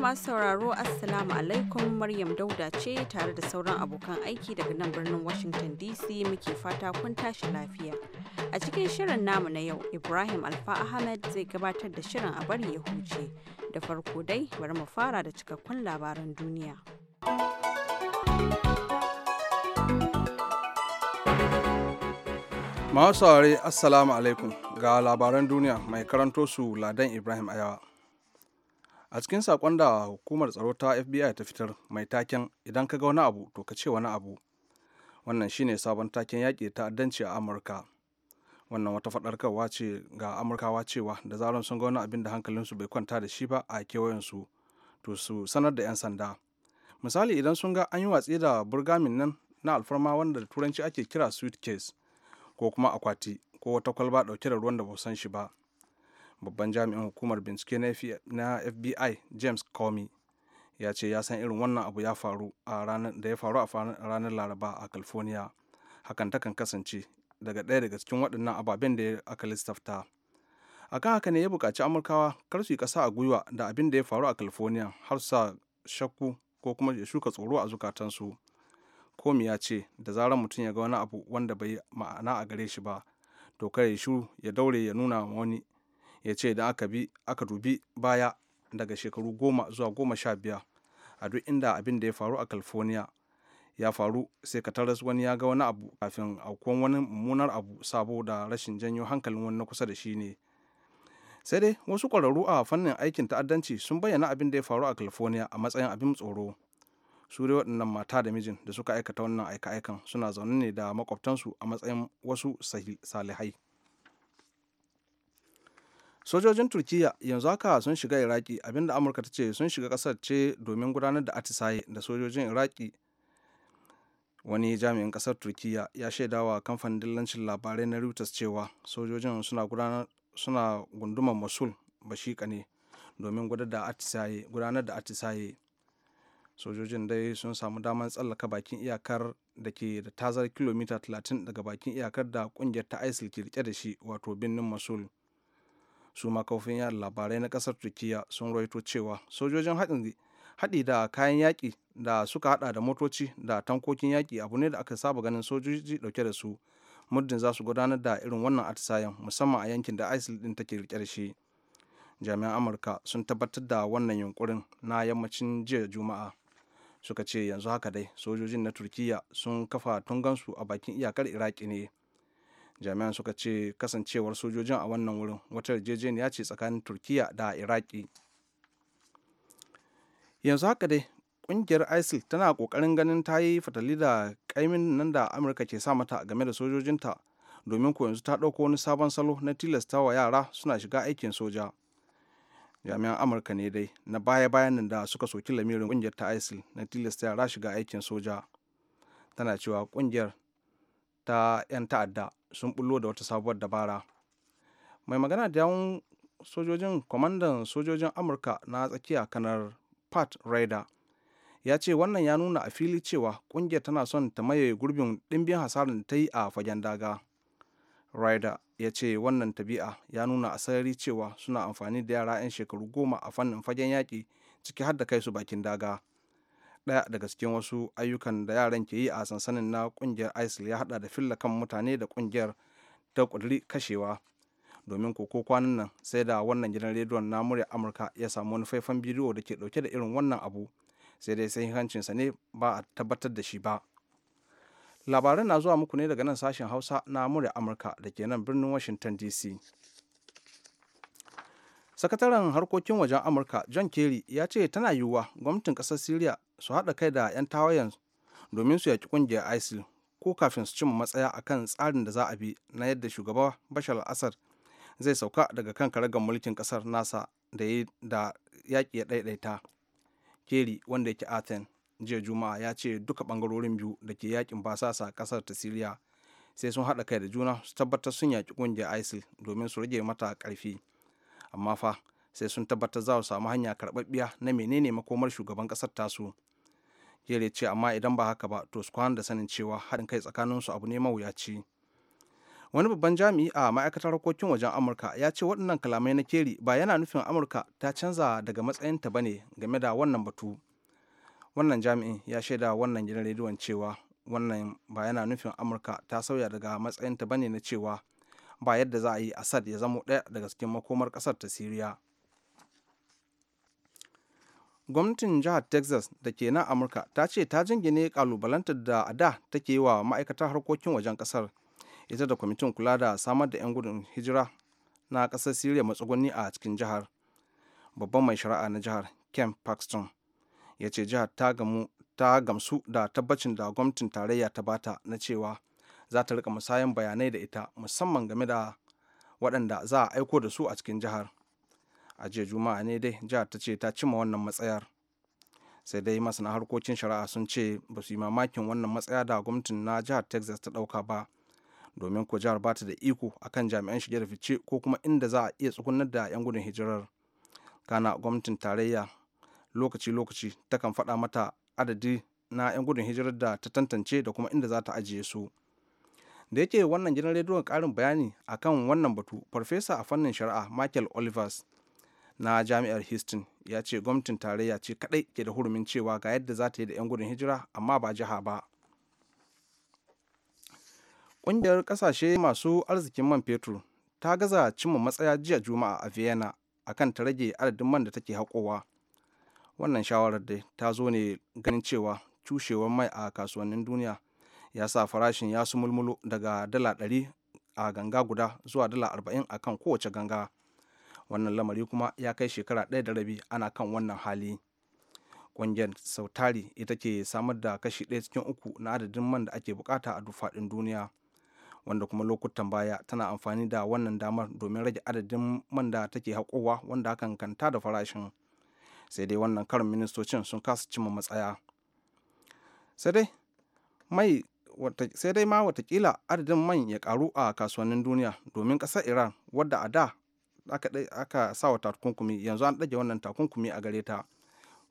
masu sauraro Assalamu alaikum Maryam Dauda ce tare da sauran abokan aiki daga nan birnin Washington DC muke fata kun tashi lafiya. A cikin shirin namu na yau, Ibrahim Alfa Ahmed zai gabatar da shirin a bari ya huce. Da farko dai, bari mu fara da cikakkun labaran duniya. Masu saurare Assalamu alaikum ga labaran duniya mai karanto su Ladan Ibrahim Ayawa. a cikin sakon da hukumar tsaro ta fbi ta fitar mai taken idan ka ga wani abu to ka ce wani abu wannan shine sabon taken yaƙi ta ta'addanci a amurka wannan wata faɗarkarwa ce ga amurkawa cewa da zaran sun ga wani abin da hankalinsu bai kwanta da shi ba a kewayensu to su sanar da 'yan sanda misali idan sun ga an yi watsi da burgamin nan na alfarma wanda da turanci ake kira suitcase ko kuma akwati ko wata kwalba ɗauke da ruwan da ba san shi ba babban jami'in hukumar bincike na fbi e, james comey ya ce ya san irin wannan abu ya faru a ranar da ya faru a ranar laraba a california hakan ta kan kasance daga ɗaya daga cikin waɗannan ababen da aka lissafta kan haka ne ya buƙaci amurkawa kar su yi ƙasa a gwiwa da abin da ya faru a california har sa shakku ko kuma ya shuka tsoro a zukatansu komi ya ce da zarar mutum ya ga wani abu wanda bai ma'ana a gare shi ba to kar ya shiru ya daure ya nuna wani ya ce da aka bi aka dubi baya daga shekaru goma zuwa goma sha biya a duk inda abin da ya faru a california ya faru sai ka taras wani ya ga wani abu kafin aukuwan wani mummunar abu sabo da rashin janyo hankalin wani na kusa da shi ne sai dai wasu ƙwararru a fannin aikin ta'addanci sun bayyana abin da ya faru a california a matsayin abin tsoro su dai waɗannan mata da mijin da suka aikata wannan aika-aikan suna zaune ne da makwabtansu a matsayin wasu salihai sojojin turkiya yanzu haka sun shiga iraki abinda amurka ta ce sun shiga kasar ce domin gudanar da atisaye da sojojin iraki wani jami'in kasar turkiya ya shaidawa kamfanin dillancin labarai na reuters cewa sojojin suna gundumar suna gunduman mosul bashika ne domin gudanar da atisaye sojojin dai sun samu damar tsallaka bakin iyakar da ke da tazar kilomita 30 daga bakin iyakar da kungiyar ta isil ke rike da shi wato birnin mosul su makaufin yada labarai na kasar turkiya sun rawaito cewa sojojin haɗi da kayan yaƙi da suka haɗa da motoci da tankokin yaƙi abu ne da aka saba ganin sojoji ɗauke da su muddin za su gudanar da irin wannan atisayen musamman a yankin da isil din take rike da shi jami'an amurka sun tabbatar da wannan yunkurin na yammacin jiya juma'a suka ce yanzu haka dai sojojin na turkiya sun kafa tungansu a bakin iyakar iraki ne jami'an suka ce kasancewar sojojin a wannan wurin wata yarjejeniya ce tsakanin turkiya da iraki yanzu haka dai kungiyar isil tana kokarin ganin ta yi fatali da kaimin nan da amurka ke sa mata game da sojojinta domin ko yanzu ta ɗauko wani sabon salo na tilasta wa yara suna shiga aikin soja jami'an amurka ne dai na baya-bayan da suka soki lamirin kungiyar ta isil na tilasta yara shiga aikin soja tana cewa kungiyar ta 'yan ta'adda sun bullo da wata sabuwar dabara mai magana da yawun sojojin kwamandan sojojin amurka na tsakiya kanar pat ryder ya ce wannan ya nuna a fili cewa kungiyar tana son ta maye gurbin ɗimbin hasarar da ta yi a fagen daga ryder ya ce wannan tabi'a ya nuna a sarari cewa suna amfani da yara 'yan shekaru goma a fannin fagen yaƙi ciki har da kai su bakin daga ɗaya daga cikin wasu ayyukan da yaran ke yi a sansanin na ƙungiyar isil ya haɗa da filla kan mutane da kungiyar ta ƙudiri kashewa domin koko kwanan nan sai da wannan gidan rediyon na murya amurka ya samu wani faifan bidiyo da ke ɗauke da irin wannan abu sai dai sai sa ne ba a tabbatar da shi ba labaran na zuwa muku ne daga nan sashen hausa na murya amurka da ke nan birnin washington dc sakataren harkokin wajen amurka john kerry ya ce tana yiwuwa gwamnatin kasar syria su haɗa kai da 'yan tawayen domin su yaki ƙungiyar isil ko kafin su cimma matsaya kan tsarin da za a bi na yadda shugaba bashar al zai sauka daga kan karagar mulkin ƙasar nasa da da yaƙi ya ɗaiɗaita keri wanda yake athen jiya juma'a ya ce duka ɓangarorin biyu da ke yaƙin basasa ƙasar ta siriya sai sun haɗa kai da juna su tabbatar sun yaƙi ƙungiyar isil domin su rage mata ƙarfi amma fa sai sun tabbatar za su samu hanya karɓaɓɓiya na menene makomar shugaban ƙasar tasu ya ce amma idan ba haka ba to su kwana da sanin cewa haɗin kai tsakanin su abu ne mawuyaci wani babban jami'i a ma'aikatar harkokin wajen amurka ya ce waɗannan kalamai na keri ba yana nufin amurka ta canza daga matsayinta ba ne game da wannan batu wannan jami'in ya shaida wannan gidan rediyon cewa wannan ba yana nufin amurka ta sauya daga matsayinta ba ne na cewa ba yadda za a yi assad ya zamo ɗaya daga cikin makomar ƙasar ta siriya gwamnatin jihar texas da ke nan amurka ta ce ta jingine kalubalantar da a da take yi wa ma'aikatar harkokin wajen kasar ita da kwamitin kula da samar da 'yan gudun hijira na kasar siriya matsuguni a cikin jihar babban mai shari'a na jihar ken paxton ya ce jihar ta ta gamsu da tabbacin da gwamnatin tarayya ta bata na cewa za ta rika musayan bayanai da ita musamman game da waɗanda za a aiko da su a cikin jihar a jiya juma'a ne dai jihar ta ce ta cima wannan matsayar sai dai masana harkokin shari'a sun ce ba su yi mamakin wannan matsaya da gwamnatin na jihar texas ta ɗauka ba domin ko jihar ba ta da iko akan jami'an shige da fice ko kuma inda za a iya tsugunar da 'yan gudun hijirar kana gwamnatin tarayya lokaci-lokaci takan faɗa mata adadi na 'yan gudun hijirar da ta tantance da kuma inda za ta ajiye su da yake wannan gidan rediyon karin bayani akan wannan batu farfesa a fannin shari'a michael olivers na jami'ar houston ya ce gwamnatin tarayya ce kadai ke da hurumin cewa ga yadda za ta yi da 'yan gudun hijira amma ba jiha ba ƙungiyar ƙasashe masu arzikin man fetur ta gaza cimma matsaya jiya juma'a a vienna akan ta rage adadin man da take haƙowa wannan shawarar da ta zo ne ganin cewa cushewar mai a kasuwannin duniya ya sa farashin ya su mulmulo daga dala 100 a ganga guda zuwa dala 40 akan kowace ganga wannan lamari kuma ya kai shekara ɗaya da rabi ana kan wannan hali ƙungiyar sautari ita ke samar da kashi ɗaya cikin uku na adadin man da ake bukata a dufaɗin duniya wanda kuma lokutan baya tana amfani da wannan damar domin rage adadin man da take haƙowa wanda hakan kanta da farashin sai dai wannan karin ministocin sun kasa cimma matsaya sai dai sai dai ma watakila adadin man ya karu a kasuwannin duniya domin ƙasar iran wadda a da aka sa wa takunkumi yanzu an ɗage wannan takunkumi a gare ta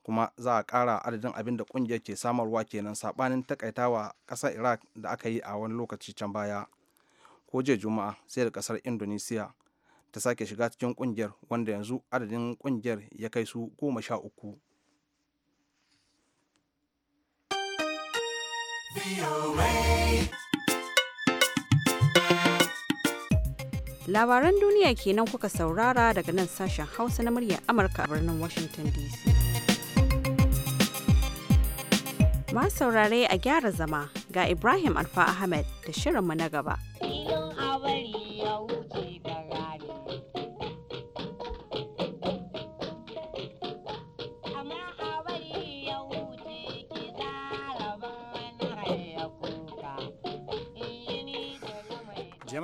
kuma za a ƙara adadin abin da ƙungiyar ke samarwa kenan saɓanin takaitawa ƙasar iraq da aka yi a wani lokaci can baya ko jiya juma'a sai da ƙasar indonesiya ta sake shiga cikin ƙungiyar wanda yanzu adadin ƙungiyar ya kai su goma sha uku Labaran duniya kenan kuka saurara daga nan sashen Hausa na muryar Amurka a birnin Washington DC. Ma saurare a gyara zama ga Ibrahim Alfa Ahmed da shirinmu na gaba.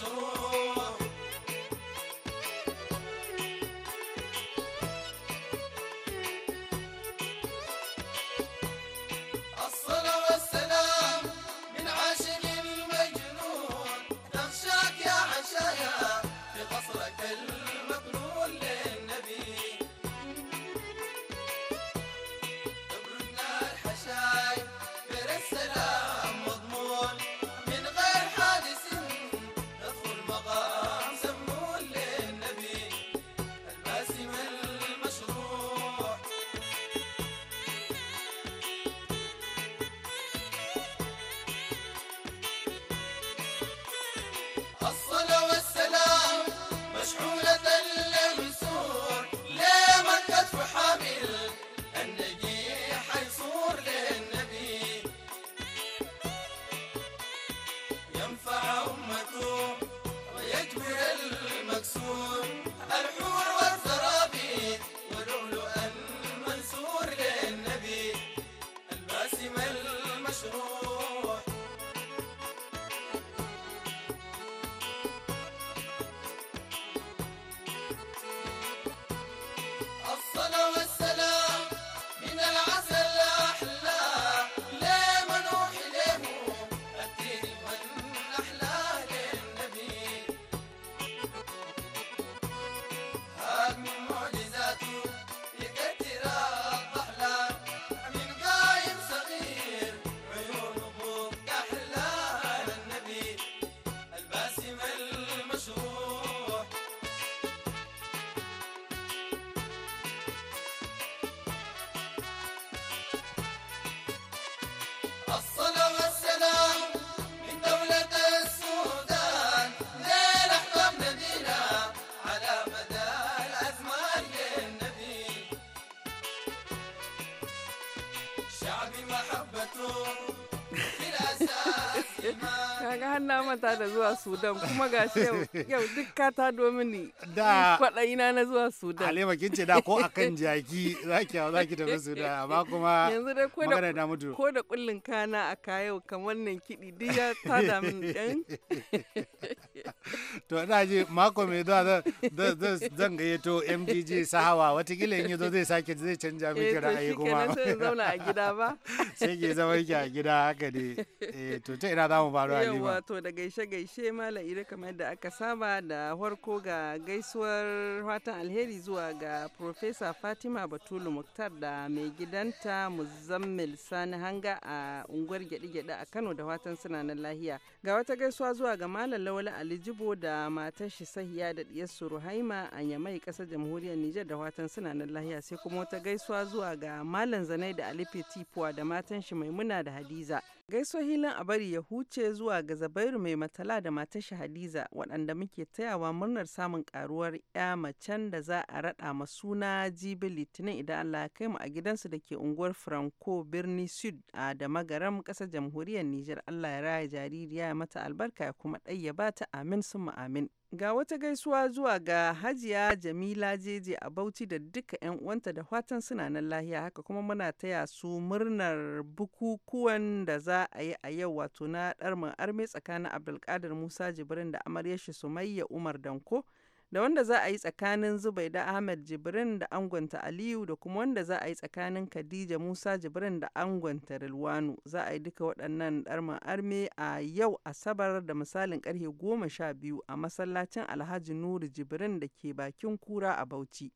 So kaga hannu na mata da zuwa Sudan kuma ga yau duk ka ta domini da kwaɗayina na zuwa Sudan. Halima kin ce da ko akan jaki zaki hau zaki tafi Sudan amma kuma yanzu dai ko da ko da kullun kana a kayau kamar nan kiɗi duk ya ta min ɗan. to ina ji mako mai zuwa zan gayyato mdg sahawa watakila in zo zai sake zai canja miki eh, ra'ayi kuma sai zauna a gida ba sai ke zama ki a gida haka ne eh, to ta ina zamu faru a yawa to da gaishe gaishe malam ire kamar da aka saba da harko ga gaisuwar fatan alheri zuwa ga Profesa Fatima Batulu Muktar da mai gidanta Muzammil Sani Hanga a unguwar gyaɗe-gyaɗe a Kano da fatan suna nan lahiya ga wata gaisuwa zuwa ga malam lawal Aliyu Jibo da matar shi Sahiya da su Ruhaima a Yamai kasar jamhuriyar Nijar da watan suna nan lahiya sai kuma wata gaisuwa zuwa ga Malam Zanai da Alifi da matan shi Maimuna da Hadiza. Gaisuwar hilin a bari ya huce zuwa ga zabairu mai matala da matar shi Hadiza waɗanda muke tayawa murnar samun karuwar ya macen da za a raɗa ma suna jibi litinin idan Allah ya kai mu a gidansu da ke unguwar Franco birni Sud a da magaram ƙasar jamhuriyar Nijar Allah ya raya jaririya ya mata albarka ya kuma ɗayyaba ta amin sun amin. Ga wata gaisuwa zuwa ga Hajiya Jamila Jeje a Bauchi da duka 'yan uwanta da fatan suna nan lahiya haka kuma muna taya su murnar bukukuwan da za a yi a yau wato na ɗarmin arme tsakanin Abdulkadir Musa Jibrin da amaryar shi Sumayya Umar Danko. da wanda za a yi tsakanin Zubaida Ahmed Jibrin da angonta Aliyu da kuma wanda za a yi tsakanin Khadija Musa Jibrin da angonta Rilwanu za a yi duka waɗannan ɗarman arme a yau Asabar da misalin karfe goma sha biyu a masallacin Alhaji Nuru Jibrin da ke bakin kura a Bauchi.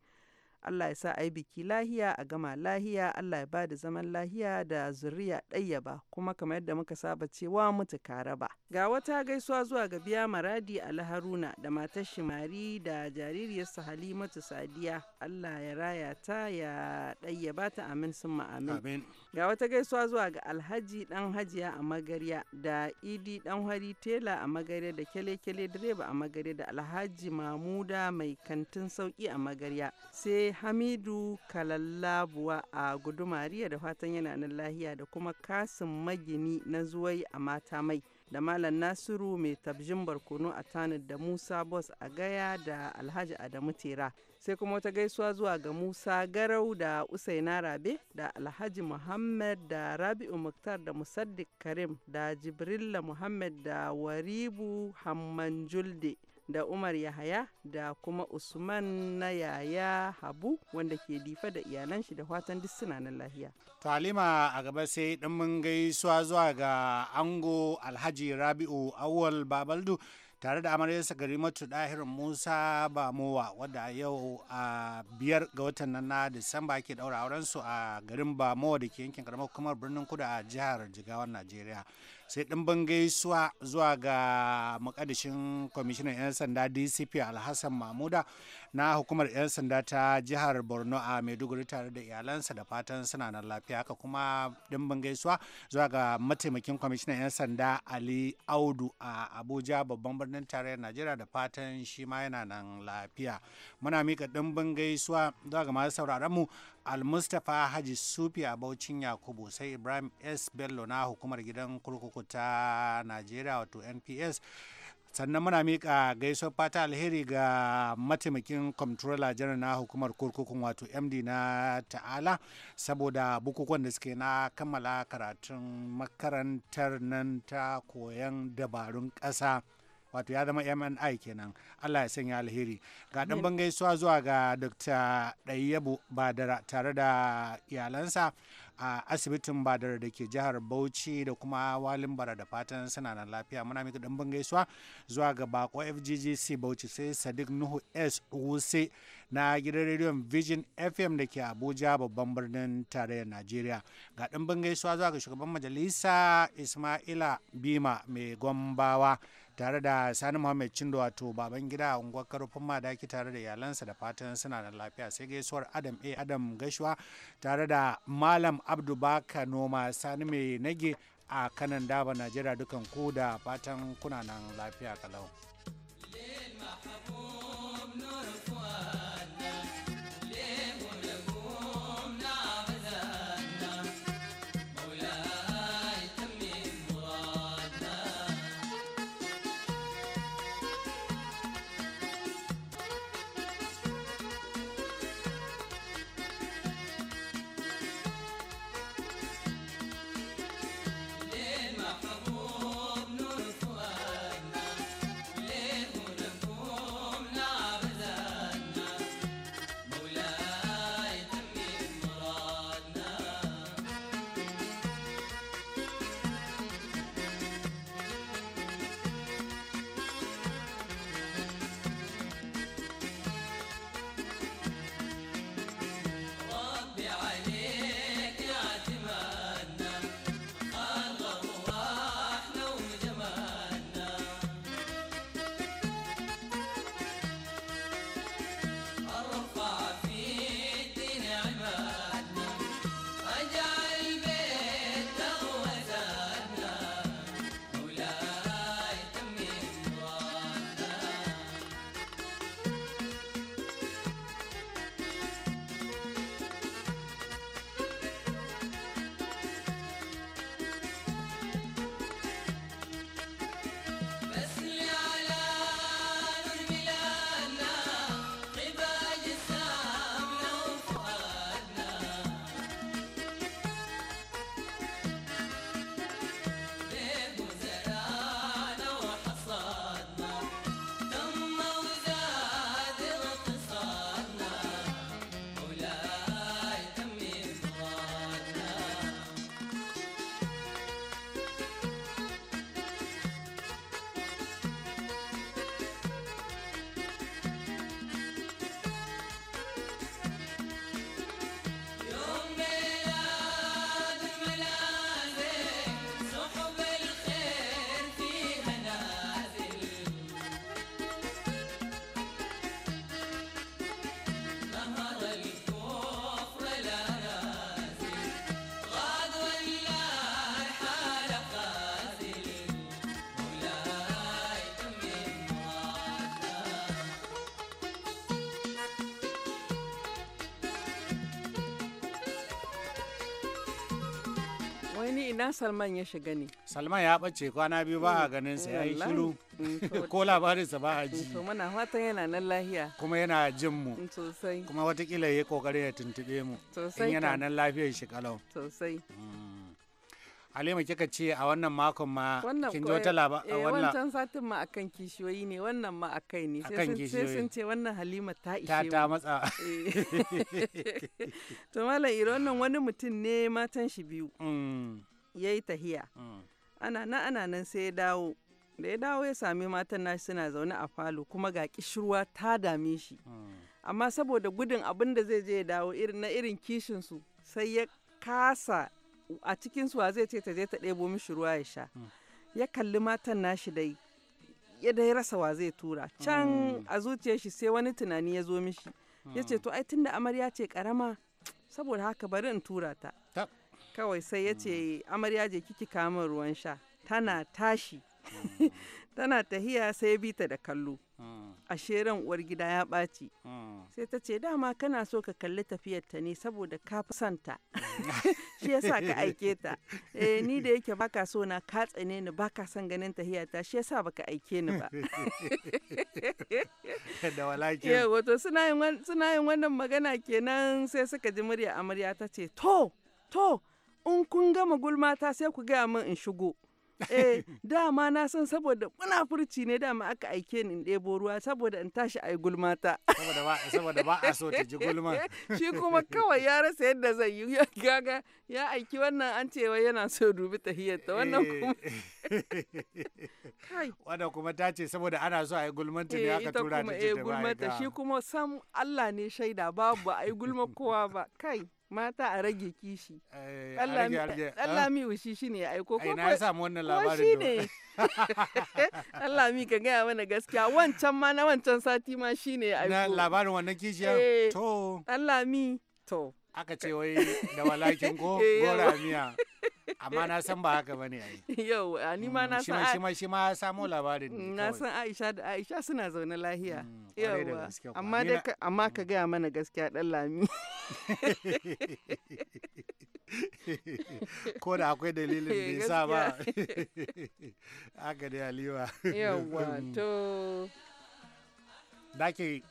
Allah ya sa a yi biki lahiya a gama lahiya Allah ya ba da zaman lahiya da zuriya ɗayyaba kuma kamar yadda muka saba cewa mutu karaba. Ga wata gaisuwa zuwa ga biya maradi laharuna da matar shimari da jaririyarsa halimatu sadiya Allah ya raya ta ya ɗayyaba ta amin sun amin. Ga wata gaisuwa zuwa ga alhaji ɗan hajiya a magarya da idi ɗan hari tela a magarya da kyale-kyale direba a magarya da alhaji mamuda mai kantin sauki a magarya sai hamidu kalallabuwa a riya da fatan yana nan lahiya da kuma kasin magini na zuwai a mata mai da malam nasiru mai tabjin barkono a Tanu da musa bos a gaya da alhaji adamu tera sai kuma wata gaisuwa zuwa ga musa garau da usaina rabe da alhaji muhammad da rabi'u muktar da musaddik karim da jibrilla muhammad da waribu hamman julde da Umar Yahaya da kuma Usman na Yaya Habu wanda ke difa da iyalan shi da fatan duk suna nan lafiya Talima a gaba sai dan mun gaisuwa zuwa ga Ango Alhaji Rabi'u Awal Babaldu tare da amaryarsa matu ɗahirin musa bamowa wadda yau a biyar ga watan nan na disamba ke daura aurensu a garin bamowa da ke yankin karamar hukumar birnin kudu a jihar jigawar najeriya sai ɗan gaisuwa zuwa ga makadashin kwamishinan 'yan sanda dcp alhassan mahmuda na hukumar 'yan sanda ta jihar borno a maiduguri tare da iyalansa da fatan suna nan lafiya haka kuma dimbin gaisuwa zuwa ga mataimakin kwamishinan 'yan sanda ali audu a abuja babban birnin tarayyar najeriya da fatan shi ma yana nan lafiya muna mika dimbin gaisuwa zuwa ga masu sauraron mu al-mustapha haji sufi a baucin yakubu sai ibrahim s bello na hukumar gidan kurkuku ta najeriya wato nps sannan muna mika gaisuwar fata alheri ga mataimakin comptroller general na hukumar kurkukun wato md na ta'ala saboda bukukuwan da suke na kammala karatun makarantar nan ta koyan dabarun ƙasa wato ya zama mni kenan allah ya sanya alheri ga dan bangaisuwa zuwa ga dr ɗayyabu badara tare da iyalansa a asibitin badar da ke jihar bauchi da kuma walin bara da fatan suna na lafiya muna miki ban gaisuwa zuwa ga bako fggc bauchi sai sadiq nuhu s wuse na gidan rediyon vision fm da ke abuja babban birnin tarayyar najeriya ga ɗan gaisuwa zuwa ga shugaban majalisa ismaila bima mai gwambawa. tare da sani muhammed cindo wato baban gida a unguwar karfin madaki tare da iyalansa da fatan suna da lafiya sai gaisuwar adam a adam gashuwa tare da malam abdu baka noma sani mai nage a kanan daba najeriya dukan ku da fatan kuna nan lafiya kalau ina salman ya shiga ne salman ya ɓace kwana biyu ba a mm, ganin sa yayi shiru mm, ko labarinsa ba a ji mm, to muna fatan yana nan lafiya kuma yana jin mu sosai kuma watakila ya kokari ya tuntube mu sosai yana nan lafiyar shi kalau sosai Halima kika ce a wannan makon ma kin ji wata labarin eh, wannan wancan satin ma akan kishiyoyi ne wannan ma akai ne sai sun ce wannan Halima ta ishe ta ta matsa eh. to malam Iro wannan wani mutum ne matan shi biyu ya yi tahiya mm. ana na ana nan sai ya dawo da ya dawo ya sami matan nashi suna zaune a falo kuma ga kishirwa ta dame shi mm. amma saboda gudun abin da zai je ya dawo irin na irin kishin su sai ya kasa a cikin su zai ce ta je ta ɗebo mishi ruwa ya sha mm. ya kalli matan nashi dai ya dai rasa wa zai tura can a zuciyar shi sai wani tunani ya zo mishi ya ce to ai tunda amarya ce karama saboda haka bari in tura ta kawai sai ya ce amarya je kiki kama ruwan sha tana tashi tana tahiya sai ya bi da kallo a sheran uwar gida ya ɓaci sai ta ce dama kana so ka kalli tafiyar ta ne saboda ka fi santa shi yasa ka aike ta eh ni da yake baka so na ka tsane ni baka son ganin tahiya ta shi yasa baka aike ni ba da walaki wato suna yin wannan magana kenan sai suka ji murya amarya ta ce to to in kun gama gulma ta sai ku gaya min in shigo eh dama na san saboda muna furci ne dama aka aike ni in ɗebo ruwa saboda in tashi a yi gulma ta saboda ba a so ta ji gulma shi kuma kawai ya rasa yadda zai yi gaga ya aiki wannan an cewa yana so dubi tahiyyarta wannan eh. kuma wannan kuma ta ce saboda ana so a yi ta ne eh, aka tura ta ji da eh, ba shi kuma sam Allah ne shaida babu a yi gulma kowa ba kai mata a rage kishi Allah mi wushi shi ne ya aiko ko na samu wannan labarin ne Allah mi ka gaya mana gaskiya wancan ma na wancan sati ma shi ne ya aiko labarin wannan kishi eh. to Allah mi to aka ce wai da walakin ko eh, gora miya amma na san ba haka bane ai yau ni ma na mm, san shi ma shi ma samo mm, labarin na san Aisha da Aisha suna zaune lahiya mm, yawa amma da amma ka ga mana gaskiya dan lami ko da akwai dalilin da eh, sa ba aka da aliwa yawa to da ke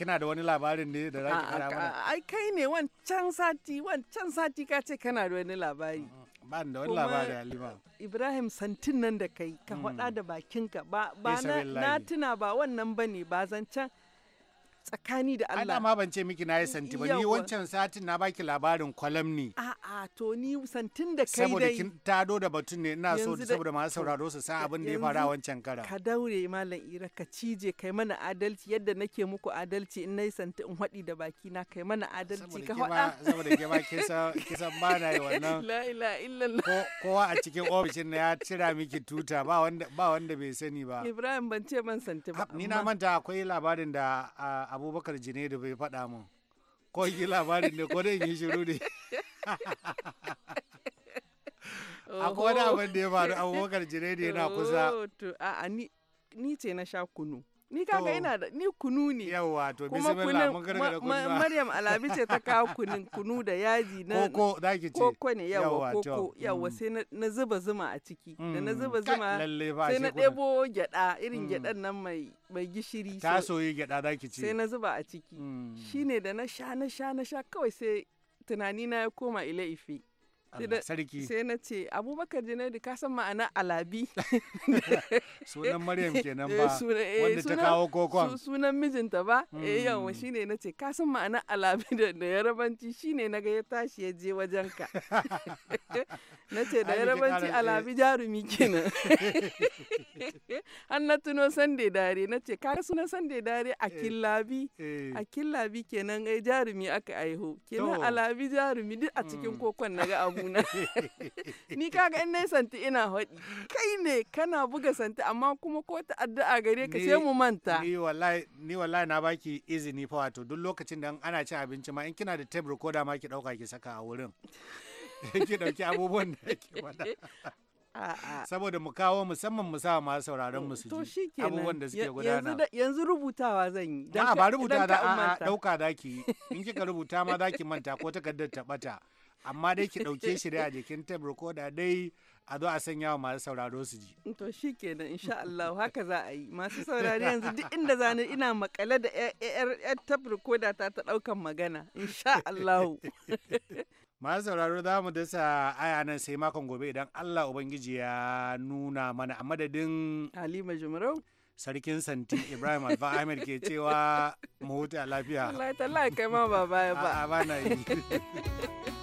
kina da wani labarin ne da za ki kara mana ai kai ne wancan sati wancan sati ka ce kana da wani labari mm, mm, ba da wani labari halima ibrahim santin nan da kai ka mm. faɗa da bakinka ba na tuna ba wannan bane ba zancan. tsakani da Allah. Ana ma ban ce miki na yi santi ba ni wancan satin na baki labarin kwalamni. A'a to ni santin da kai dai. Saboda kin tado da batun ne ina so saboda masu sauraro su san abin da ya fara wancan kara. Ka daure malam Ira ka cije kai mana adalci yadda nake muku adalci in nayi santi in haɗi da baki na kai mana adalci ka haɗa. Saboda ke ma kisan ba na yi wannan. La ila illallah. Kowa a cikin ofishin na ya cira miki tuta ba wanda bai sani ba. Ibrahim ban ce man santi ba. Ni na manta akwai labarin da abubakar da bai faɗa min ko yi labarin ne ko dai yi shiru ne a wani abin da ya faru abubakar da yana kusa ni ce na sha kunu ni kaga yana da ni kunu ne yawa to bismillah mun kunu Maryam Alabi ce ta kawo kunun kunu da yaji na koko zaki ce koko ne yawa koko yawa mm. sai na zuba zuma a ciki da na mm, zuba zuma sai na debo gyada irin mm. gyadan nan mai mai gishiri ta soyi gyaɗa zaki ce sai na zuba a ciki shine da na sha na sha na sha kawai sai tunani na ya koma ile ife sarki sai na ce abubakar janairu ka san ma'ana alabi sunan maryam kenan ba eh, eh, wanda ta kawo kokon sunan mijinta ba eh hmm. yawa shine na ce ka san ma'ana alabi da yarabanci shine na ga ya tashi ya je wajen ka na ce da yarabanci alabi eh. jarumi kenan an na tuno sande dare na ce ka sunan sande dare a killabi a killabi kenan ai jarumi aka aiho kenan alabi jarumi duk a cikin hmm. kokon na ga abu juna. ni kaga in nai santi ina haɗi kai ne kana buga santi amma kuma ko ta addu'a gare ka sai mu manta ni wallahi ni wallahi na baki izini fa wato duk lokacin da ana cin abinci ma in kina da ko da ma ki dauka ki saka a wurin ki dauki abubuwan da ke bada saboda mu kawo musamman mu sa ma sauraron mu su ji abubuwan da suke gudana yanzu rubutawa zan yi da ba rubuta da a dauka daki in kika rubuta ma ki manta ko takardar ta bata amma dai ki ɗauke shi dai a jikin tape recorder dai a zo a sanya wa masu sauraro su ji. To shi kenan insha Allah haka za a yi masu saurari yanzu duk inda zane ina makale da yar tape recorder ta ta ɗaukan magana insha Allah. masu sauraro za mu dasa aya nan sai makon gobe idan Allah Ubangiji ya nuna mana a madadin. Halima Jumarau. sarkin santi ibrahim alfa ahmed ke cewa mu huta lafiya. Allah ya kai ma ba baya ba. A ba na yi.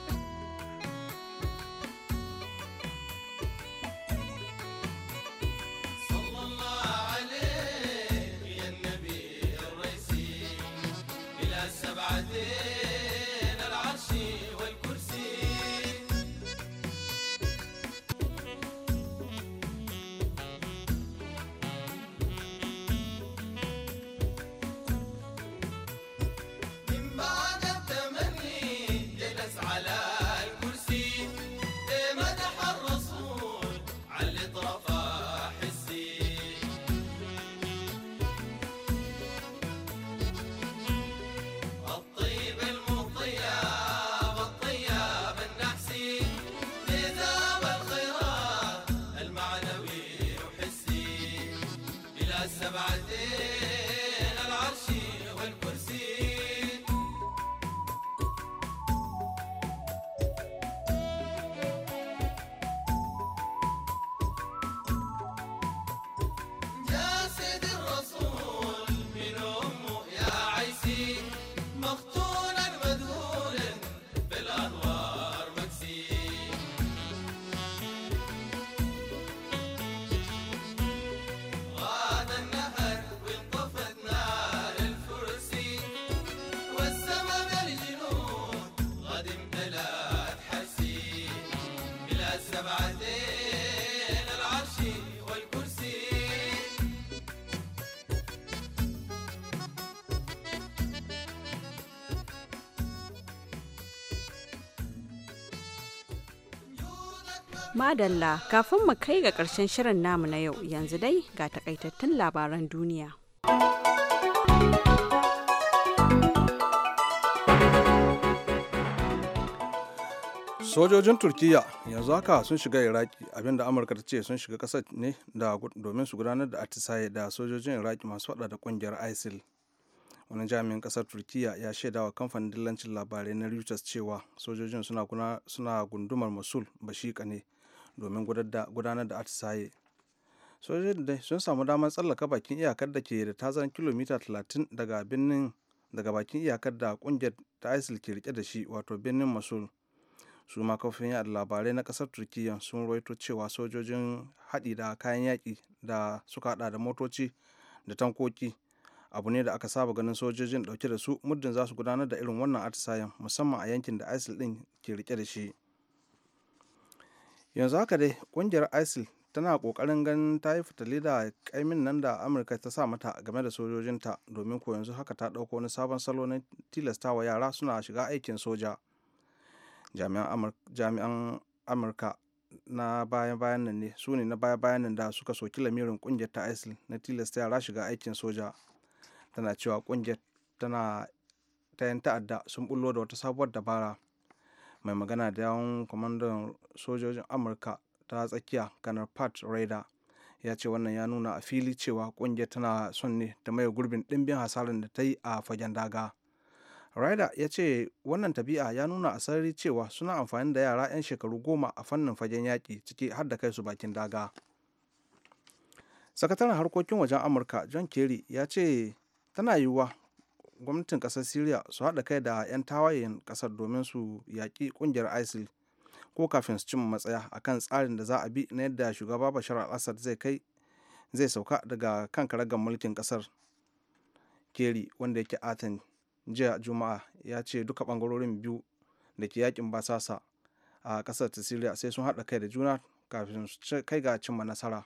Madalla kafin mu kai ga ƙarshen shirin namu na yau yanzu dai ga takaitattun labaran duniya. Sojojin Turkiyya yanzu haka sun shiga Iraki abinda Amurka ta ce sun shiga ƙasar ne domin su gudanar da atisaye da sojojin Iraki masu faɗa da ƙungiyar ISIL. wani jami'in kasar turkiya ya shaida wa kamfanin dillancin labarai na reuters cewa sojojin suna, gundumar musul bashika ne domin gudanar da atisaye sojojin dai sun samu damar tsallaka bakin iyakar da ke da tazaran kilomita 30 daga birnin daga bakin iyakar da kungiyar ta isil ke rike da shi wato birnin masul su ma kafin yada labarai na kasar turkiyya sun roito cewa sojojin haɗi da kayan yaƙi da suka haɗa da motoci da tankoki abu ne da aka saba ganin sojojin ɗauke da su muddin za su gudanar da irin wannan atisayen musamman a yankin da isil ɗin ke rike da shi yanzu haka dai kungiyar isil tana kokarin ganin ta yi fitali da kaimin nan da amurka ta sa mata game da sojojinta domin ko yanzu haka ta ɗauko wani sabon salo na wa yara suna shiga aikin soja jami'an amurka na baya-bayan nan ne su ne na baya-bayan nan da suka soki lamirin kungiyar ta isil na tilasta yara shiga aikin soja tana cewa kungiyar tana ta yin ta'adda sun bullo da wata sabuwar dabara mai magana da yawon kwamandan sojojin amurka ta tsakiya kanar pat raider ya ce wannan ya nuna a fili cewa kungiyar tana son ne ta maye gurbin dimbin hasarin da ta yi a fagen daga raider ya ce wannan tabi'a ya nuna a sarari cewa suna amfani da yara 'yan shekaru goma a fannin fagen yaƙi ciki har da kai su bakin daga sakataren harkokin wajen amurka john kerry ya ce tana yiwuwa gwamnatin kasar syria su haɗa kai da 'yan tawayen kasar domin su yaƙi ƙungiyar isil ko kafin su cimma matsaya akan tsarin da za a bi na yadda shugaba bashar al-assad zai kai zai sauka daga kan karagar mulkin kasar keri wanda yake atan jiya juma'a ya ce duka bangarorin biyu da ke yakin basasa a kasar ta syria sai sun haɗa kai da juna kafin su kai ga cimma nasara